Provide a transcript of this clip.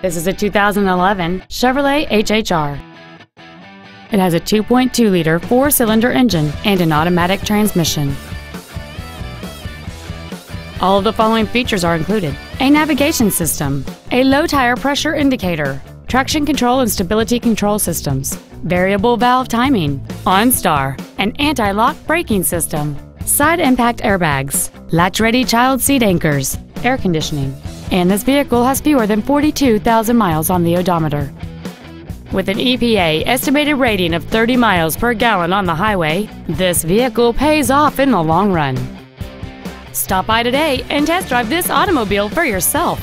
This is a 2011 Chevrolet HHR. It has a 2.2-liter four-cylinder engine and an automatic transmission. All of the following features are included. A navigation system, a low tire pressure indicator, traction control and stability control systems, variable valve timing, OnStar, an anti-lock braking system, side impact airbags, latch-ready child seat anchors, air conditioning, and this vehicle has fewer than 42,000 miles on the odometer. With an EPA estimated rating of 30 miles per gallon on the highway, this vehicle pays off in the long run. Stop by today and test drive this automobile for yourself.